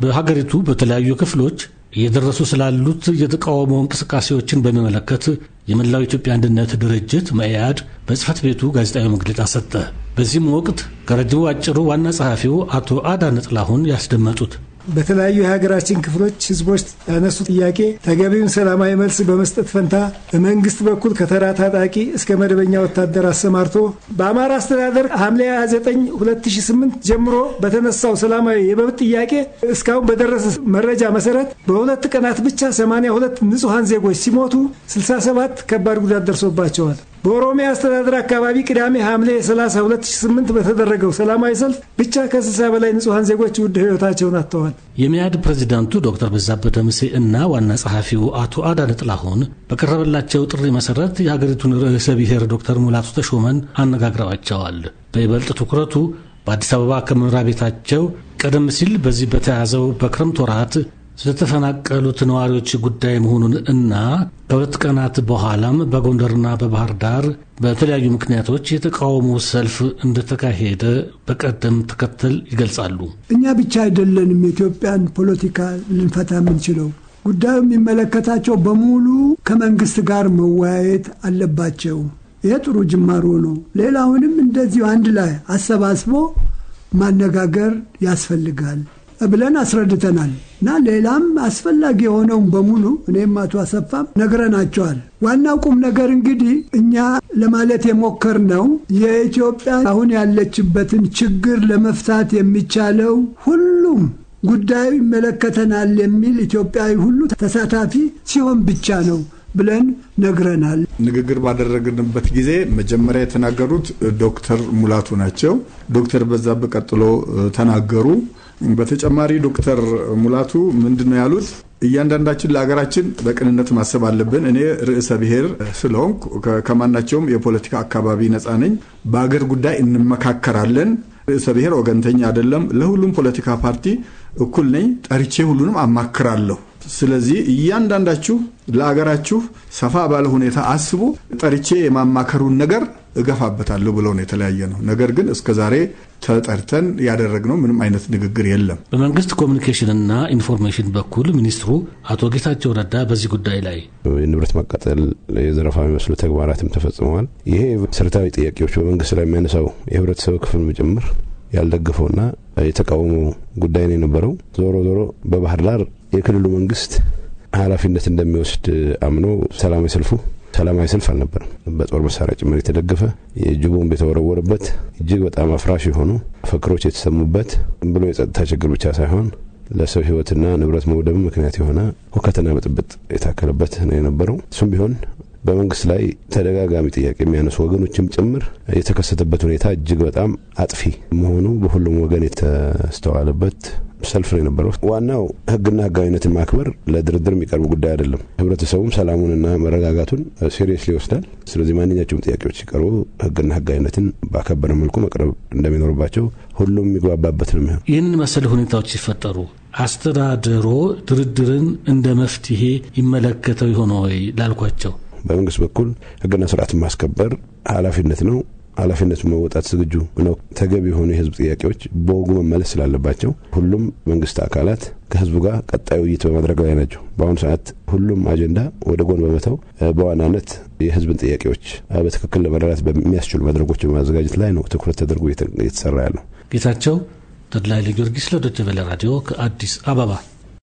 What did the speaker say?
በሀገሪቱ በተለያዩ ክፍሎች እየደረሱ ስላሉት የተቃውሞ እንቅስቃሴዎችን በሚመለከት የመላው ኢትዮጵያ አንድነት ድርጅት መኢአድ በጽህፈት ቤቱ ጋዜጣዊ መግለጫ ሰጠ። በዚህም ወቅት ከረጅሙ አጭሩ ዋና ጸሐፊው አቶ አዳነ ጥላሁን ያስደመጡት በተለያዩ የሀገራችን ክፍሎች ህዝቦች ያነሱ ጥያቄ ተገቢውን ሰላማዊ መልስ በመስጠት ፈንታ በመንግስት በኩል ከተራ ታጣቂ እስከ መደበኛ ወታደር አሰማርቶ በአማራ አስተዳደር ሐምሌ 29 2008 ጀምሮ በተነሳው ሰላማዊ የመብት ጥያቄ እስካሁን በደረሰ መረጃ መሰረት በሁለት ቀናት ብቻ 82 ንጹሐን ዜጎች ሲሞቱ 67 ከባድ ጉዳት ደርሶባቸዋል። በኦሮሚያ አስተዳደር አካባቢ ቅዳሜ ሐምሌ 30 2008 በተደረገው ሰላማዊ ሰልፍ ብቻ ከ60 በላይ ንጹሐን ዜጎች ውድ ህይወታቸውን አጥተዋል። የሚያድ ፕሬዚዳንቱ ዶክተር በዛብህ ደምሴ እና ዋና ጸሐፊው አቶ አዳነ ጥላሁን በቀረበላቸው ጥሪ መሰረት የሀገሪቱን ርዕሰ ብሔር ዶክተር ሙላቱ ተሾመን አነጋግረዋቸዋል። በይበልጥ ትኩረቱ በአዲስ አበባ ከመኖሪያ ቤታቸው ቀደም ሲል በዚህ በተያዘው በክረምት ወራት ስለተፈናቀሉት ነዋሪዎች ጉዳይ መሆኑን እና ከሁለት ቀናት በኋላም በጎንደርና በባህር ዳር በተለያዩ ምክንያቶች የተቃውሞ ሰልፍ እንደተካሄደ በቀደም ተከተል ይገልጻሉ። እኛ ብቻ አይደለንም የኢትዮጵያን ፖለቲካ ልንፈታ የምንችለው። ጉዳዩ የሚመለከታቸው በሙሉ ከመንግስት ጋር መወያየት አለባቸው። ይሄ ጥሩ ጅማሮ ነው። ሌላውንም እንደዚሁ አንድ ላይ አሰባስቦ ማነጋገር ያስፈልጋል። ብለን አስረድተናል እና ሌላም አስፈላጊ የሆነውን በሙሉ እኔም አቶ አሰፋም ነግረናቸዋል። ዋናው ቁም ነገር እንግዲህ እኛ ለማለት የሞከርነው የኢትዮጵያ አሁን ያለችበትን ችግር ለመፍታት የሚቻለው ሁሉም ጉዳዩ ይመለከተናል የሚል ኢትዮጵያዊ ሁሉ ተሳታፊ ሲሆን ብቻ ነው ብለን ነግረናል። ንግግር ባደረግንበት ጊዜ መጀመሪያ የተናገሩት ዶክተር ሙላቱ ናቸው። ዶክተር በዛብህ ቀጥሎ ተናገሩ። በተጨማሪ ዶክተር ሙላቱ ምንድን ነው ያሉት? እያንዳንዳችን ለሀገራችን በቅንነት ማሰብ አለብን። እኔ ርዕሰ ብሔር ስለሆንኩ ከማናቸውም የፖለቲካ አካባቢ ነፃ ነኝ። በአገር ጉዳይ እንመካከራለን። ርዕሰ ብሔር ወገንተኛ አይደለም። ለሁሉም ፖለቲካ ፓርቲ እኩል ነኝ። ጠርቼ ሁሉንም አማክራለሁ ስለዚህ እያንዳንዳችሁ ለአገራችሁ ሰፋ ባለ ሁኔታ አስቡ። ጠርቼ የማማከሩን ነገር እገፋበታለሁ ብለው ነው የተለያየ ነው። ነገር ግን እስከ ዛሬ ተጠርተን ያደረግነው ምንም አይነት ንግግር የለም። በመንግስት ኮሚኒኬሽንና ኢንፎርሜሽን በኩል ሚኒስትሩ አቶ ጌታቸው ረዳ በዚህ ጉዳይ ላይ የንብረት ማቃጠል፣ የዘረፋ የሚመስሉ ተግባራትም ተፈጽመዋል። ይሄ መሰረታዊ ጥያቄዎች በመንግስት ላይ የሚያነሳው የህብረተሰቡ ክፍል ጭምር ያልደገፈውና የተቃውሞ ጉዳይ ነው የነበረው። ዞሮ ዞሮ በባህር ዳር የክልሉ መንግስት ኃላፊነት እንደሚወስድ አምኖ ሰላማዊ ሰልፉ ሰላማዊ ሰልፍ አልነበረም። በጦር መሳሪያ ጭምር የተደገፈ የእጅ ቦምብ የተወረወረበት እጅግ በጣም አፍራሽ የሆኑ ፈክሮች የተሰሙበት ብሎ የጸጥታ ችግር ብቻ ሳይሆን ለሰው ሕይወትና ንብረት መውደም ምክንያት የሆነ ሁከትና ብጥብጥ የታከለበት ነው የነበረው። እሱም ቢሆን በመንግስት ላይ ተደጋጋሚ ጥያቄ የሚያነሱ ወገኖችም ጭምር የተከሰተበት ሁኔታ እጅግ በጣም አጥፊ መሆኑ በሁሉም ወገን የተስተዋለበት ሰልፍ ነው የነበረው። ዋናው ህግና ህጋዊነትን ማክበር ለድርድር የሚቀርቡ ጉዳይ አይደለም። ህብረተሰቡም ሰላሙንና መረጋጋቱን ሲሪየስሊ ይወስዳል። ስለዚህ ማንኛቸውም ጥያቄዎች ሲቀርቡ ህግና ህጋዊነትን ባከበረ መልኩ መቅረብ እንደሚኖርባቸው ሁሉም የሚግባባበት ነው የሚሆን። ይህንን መሰል ሁኔታዎች ሲፈጠሩ አስተዳደሮ ድርድርን እንደ መፍትሄ ይመለከተው የሆነ ወይ ላልኳቸው በመንግስት በኩል ህግና ስርዓትን ማስከበር ኃላፊነት ነው። ኃላፊነቱ መወጣት ዝግጁ ነው። ተገቢ የሆኑ የህዝብ ጥያቄዎች በወጉ መመለስ ስላለባቸው ሁሉም መንግስት አካላት ከህዝቡ ጋር ቀጣይ ውይይት በማድረግ ላይ ናቸው። በአሁኑ ሰዓት ሁሉም አጀንዳ ወደ ጎን በመተው በዋናነት የህዝብን ጥያቄዎች በትክክል ለመረዳት በሚያስችሉ መድረኮች በማዘጋጀት ላይ ነው ትኩረት ተደርጎ እየተሰራ ያለው። ጌታቸው ተድላይ ለጊዮርጊስ ለዶይቼ ቬለ ራዲዮ ከአዲስ አበባ